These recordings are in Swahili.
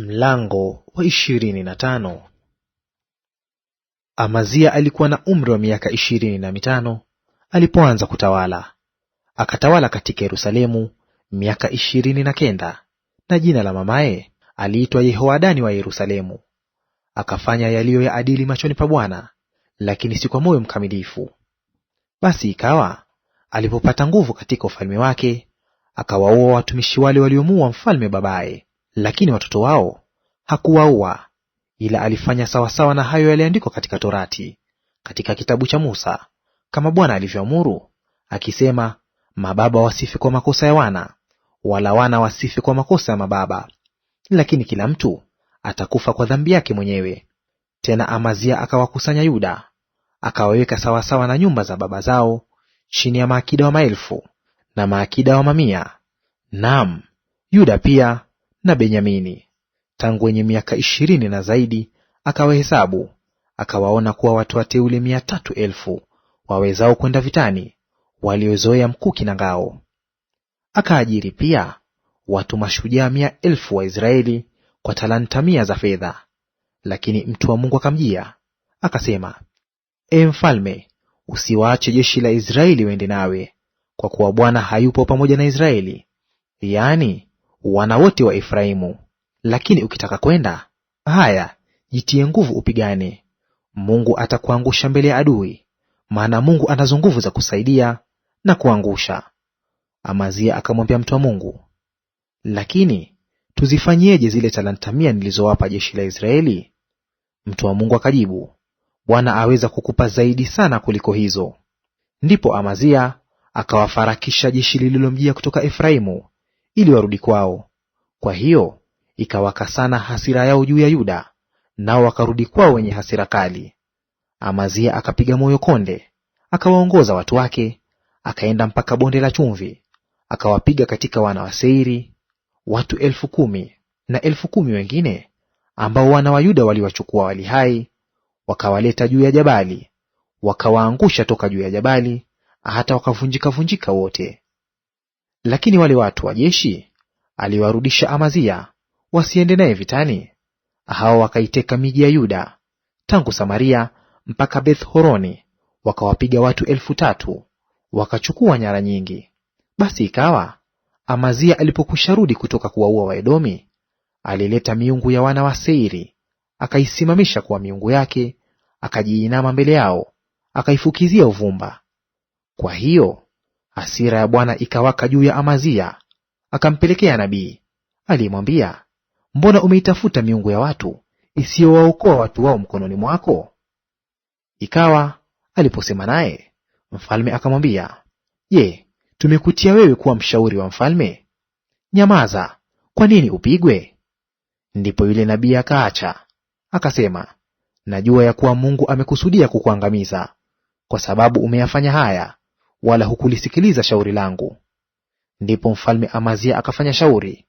Mlango wa ishirini na tano. Amazia alikuwa na umri wa miaka ishirini na mitano alipoanza kutawala, akatawala katika Yerusalemu miaka ishirini na kenda, na jina la mamaye aliitwa Yehoadani wa Yerusalemu. Akafanya yaliyo ya adili machoni pa Bwana, lakini si kwa moyo mkamilifu. Basi ikawa alipopata nguvu katika ufalme wake, akawaua watumishi wale waliomuua mfalme babaye lakini watoto wao hakuwaua, ila alifanya sawasawa na hayo yaliandikwa katika Torati, katika kitabu cha Musa, kama Bwana alivyoamuru akisema, mababa wasife kwa makosa ya wana, wala wana wasife kwa makosa ya mababa, lakini kila mtu atakufa kwa dhambi yake mwenyewe. Tena Amazia akawakusanya Yuda, akawaweka sawasawa na nyumba za baba zao, chini ya maakida wa maelfu na maakida wa mamia; naam, Yuda pia na Benyamini tangu wenye miaka ishirini na zaidi akawahesabu, akawaona kuwa watu wateule mia tatu elfu wawezao kwenda vitani, waliozoea mkuki na ngao. Akaajiri pia watu mashujaa mia elfu wa Israeli kwa talanta mia za fedha. Lakini mtu wa Mungu akamjia akasema, E mfalme, usiwaache jeshi la Israeli waende nawe, kwa kuwa Bwana hayupo pamoja na Israeli, yaani wana wote wa Efraimu. Lakini ukitaka kwenda, haya, jitie nguvu upigane. Mungu atakuangusha mbele ya adui, maana Mungu anazo nguvu za kusaidia na kuangusha. Amazia akamwambia mtu wa Mungu, lakini tuzifanyieje zile talanta mia nilizowapa jeshi la Israeli? Mtu wa Mungu akajibu, Bwana aweza kukupa zaidi sana kuliko hizo. Ndipo Amazia akawafarakisha jeshi lililomjia kutoka Efraimu ili warudi kwao. Kwa hiyo ikawaka sana hasira yao juu ya Yuda, nao wakarudi kwao wenye hasira kali. Amazia akapiga moyo konde, akawaongoza watu wake, akaenda mpaka bonde la chumvi, akawapiga katika wana wa Seiri watu elfu kumi na elfu kumi wengine ambao wana wa Yuda waliwachukua wali hai, wakawaleta juu ya jabali, wakawaangusha toka juu ya jabali hata wakavunjika vunjika wote. Lakini wale watu wa jeshi aliwarudisha Amazia wasiende naye vitani, hao wakaiteka miji ya Yuda tangu Samaria mpaka Beth-horoni, wakawapiga watu elfu tatu, wakachukua nyara nyingi. Basi ikawa Amazia alipokwisha rudi kutoka kuwaua Waedomi, alileta miungu ya wana wa Seiri, akaisimamisha kuwa miungu yake, akajiinama mbele yao, akaifukizia uvumba. Kwa hiyo Hasira ya Bwana ikawaka juu ya Amazia, akampelekea nabii aliyemwambia, mbona umeitafuta miungu ya watu isiyowaokoa watu wao mkononi mwako? Ikawa aliposema naye, mfalme akamwambia, Je, tumekutia wewe kuwa mshauri wa mfalme? Nyamaza, kwa nini upigwe? Ndipo yule nabii akaacha, akasema, najua ya kuwa Mungu amekusudia kukuangamiza, kwa sababu umeyafanya haya wala hukulisikiliza shauri langu. Ndipo mfalme Amazia akafanya shauri,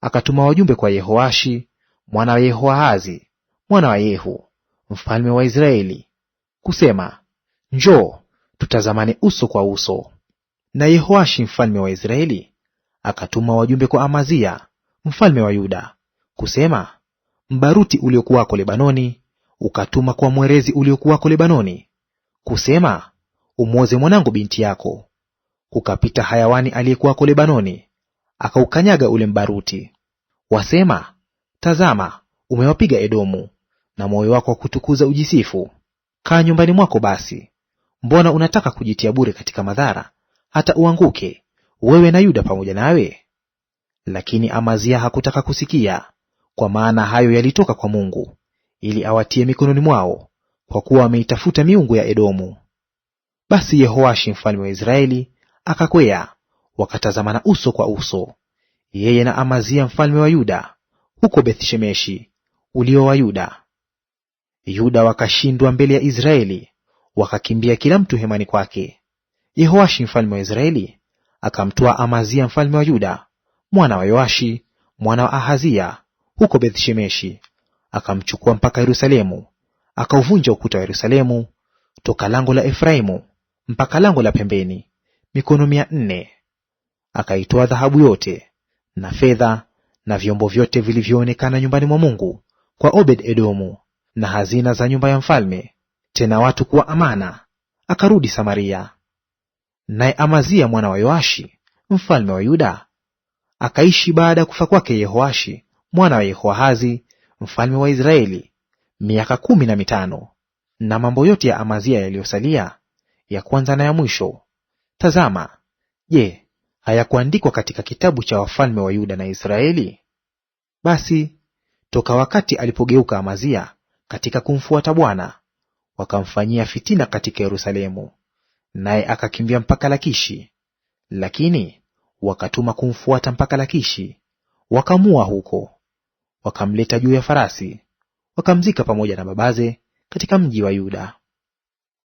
akatuma wajumbe kwa Yehoashi mwana wa Yehoahazi mwana wa Yehu mfalme wa Israeli kusema, njoo tutazamane uso kwa uso. Na Yehoashi mfalme wa Israeli akatuma wajumbe kwa Amazia mfalme wa Yuda kusema, mbaruti uliokuwako Lebanoni ukatuma kwa mwerezi uliokuwako Lebanoni kusema, umwoze mwanangu binti yako. Kukapita hayawani aliyekuwako Lebanoni, akaukanyaga ule mbaruti. Wasema, tazama, umewapiga Edomu, na moyo wako wa kutukuza ujisifu. Kaa nyumbani mwako basi, mbona unataka kujitia bure katika madhara, hata uanguke wewe na Yuda pamoja nawe? Lakini Amazia hakutaka kusikia, kwa maana hayo yalitoka kwa Mungu, ili awatie mikononi mwao, kwa kuwa wameitafuta miungu ya Edomu. Basi Yehoashi mfalme wa Israeli akakwea, wakatazamana uso kwa uso, yeye na Amazia mfalme wa Yuda huko Bethshemeshi ulio wa Yuda. Yuda wakashindwa mbele ya Israeli, wakakimbia kila mtu hemani kwake. Yehoashi mfalme wa Israeli akamtoa Amazia mfalme wa Yuda mwana wa Yoashi mwana wa Ahazia huko Bethshemeshi, akamchukua mpaka Yerusalemu, akauvunja ukuta wa Yerusalemu toka lango la Efraimu mpaka lango la pembeni mikono mia nne. Akaitoa dhahabu yote na fedha na vyombo vyote vilivyoonekana nyumbani mwa Mungu kwa Obed Edomu na hazina za nyumba ya mfalme, tena watu kuwa amana, akarudi Samaria. Naye Amazia mwana wa Yoashi mfalme wa Yuda akaishi baada ya kufa kwake Yehoashi mwana wa Yehoahazi mfalme wa Israeli miaka kumi na mitano. Na mambo yote ya Amazia yaliyosalia ya kwanza na ya mwisho. Tazama, je, hayakuandikwa katika kitabu cha wafalme wa Yuda na Israeli? Basi toka wakati alipogeuka Amazia katika kumfuata Bwana, wakamfanyia fitina katika Yerusalemu, naye akakimbia mpaka Lakishi. Lakini wakatuma kumfuata mpaka Lakishi, wakamua huko, wakamleta juu ya farasi, wakamzika pamoja na babaze katika mji wa Yuda.